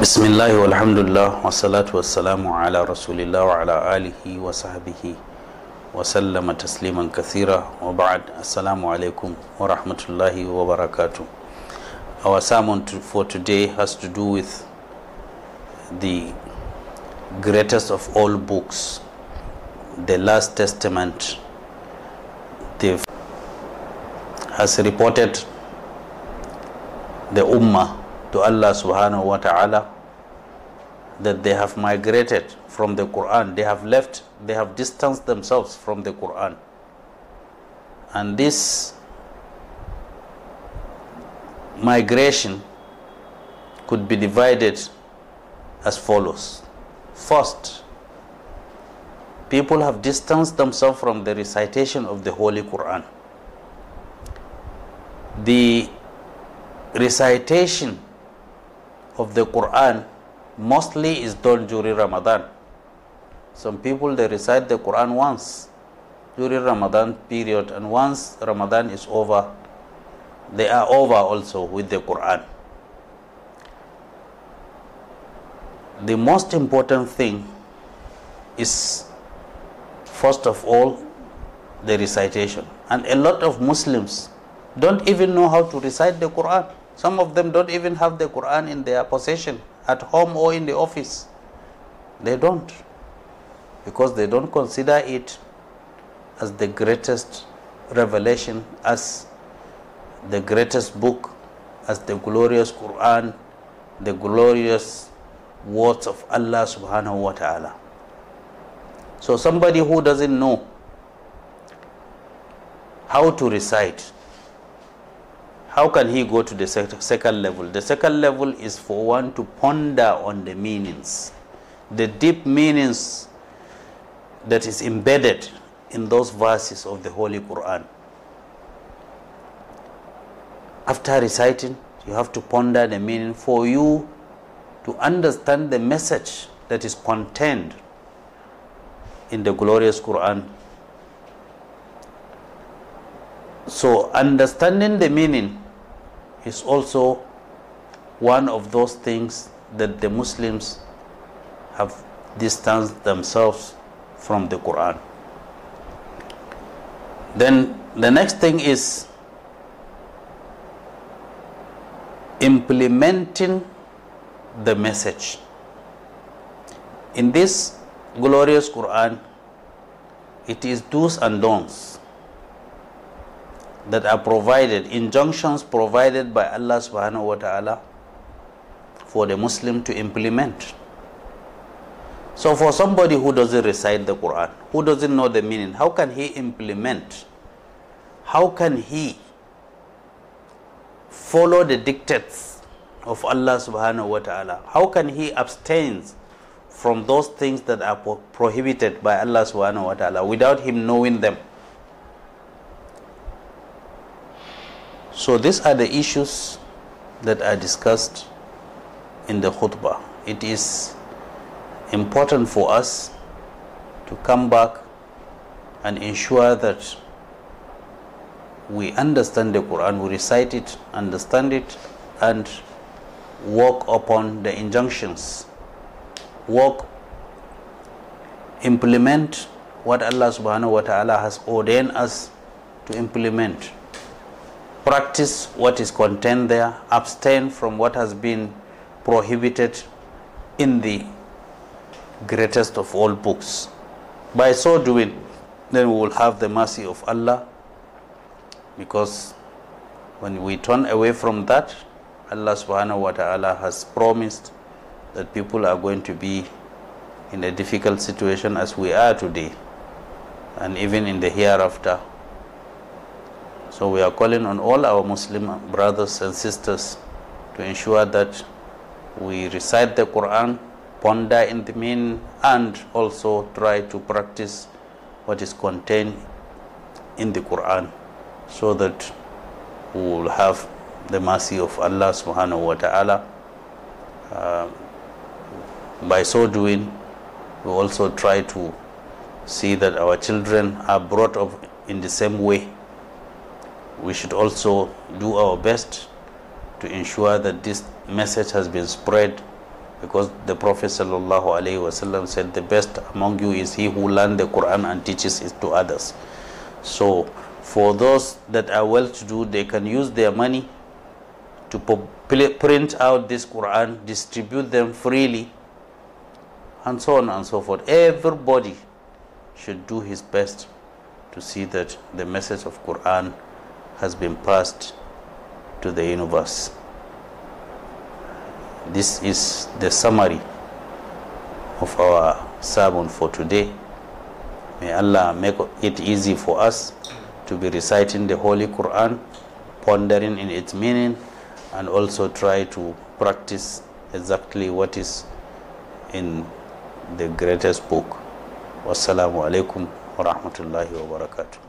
بسم الله والحمد لله والصلاة والسلام على رسول الله وعلى آله وصحبه وسلم تسليما كثيرا وبعد السلام عليكم ورحمة الله وبركاته Our sermon to, for today has to do with the greatest of all books, the Last Testament. The, has reported the Ummah to Allah subhanahu wa ta'ala that they have migrated from the Quran, they have left, they have distanced themselves from the Quran. And this migration could be divided as follows. First, people have distanced themselves from the recitation of the Holy Quran. The recitation of the Quran mostly is done during Ramadan. Some people they recite the Quran once during Ramadan period and once Ramadan is over they are over also with the Quran. The most important thing is first of all the recitation and a lot of Muslims don't even know how to recite the Quran some of them don't even have the Quran in their possession at home or in the office. They don't because they don't consider it as the greatest revelation, as the greatest book, as the glorious Quran, the glorious words of Allah subhanahu wa ta'ala. So somebody who doesn't know how to recite how can he go to the second level? The second level is for one to ponder on the meanings, the deep meanings that is embedded in those verses of the Holy Quran. After reciting, you have to ponder the meaning for you to understand the message that is contained in the glorious Quran. So, understanding the meaning is also one of those things that the Muslims have distanced themselves from the Quran. Then the next thing is implementing the message. In this glorious Quran, it is do's and don'ts that are provided, injunctions provided by Allah subhanahu wa ta'ala for the Muslim to implement. So for somebody who doesn't recite the Quran, who doesn't know the meaning, how can he implement? How can he follow the dictates of Allah subhanahu wa ta'ala? How can he abstain from those things that are prohibited by Allah subhanahu wa ta'ala without him knowing them? So these are the issues that are discussed in the khutbah. It is important for us to come back and ensure that we understand the Quran, we recite it, understand it, and work upon the injunctions. Work, implement what Allah subhanahu wa ta'ala has ordained us to implement practice what is contained there, abstain from what has been prohibited in the greatest of all books. By so doing, then we will have the mercy of Allah because when we turn away from that, Allah subhanahu wa ta'ala has promised that people are going to be in a difficult situation as we are today and even in the hereafter so we are calling on all our Muslim brothers and sisters to ensure that we recite the Quran, ponder in the mean, and also try to practice what is contained in the Quran so that we will have the mercy of Allah subhanahu wa ta'ala. Uh, by so doing, we also try to see that our children are brought up in the same way we should also do our best to ensure that this message has been spread because the Prophet ﷺ said the best among you is he who learns the Quran and teaches it to others. So for those that are well to do, they can use their money to print out this Quran, distribute them freely, and so on and so forth. Everybody should do his best to see that the message of Quran has been passed to the universe. This is the summary of our sermon for today. May Allah make it easy for us to be reciting the Holy Quran, pondering in its meaning, and also try to practice exactly what is in the greatest book. Wassalamu alaikum wa rahmatullahi wa barakatuh.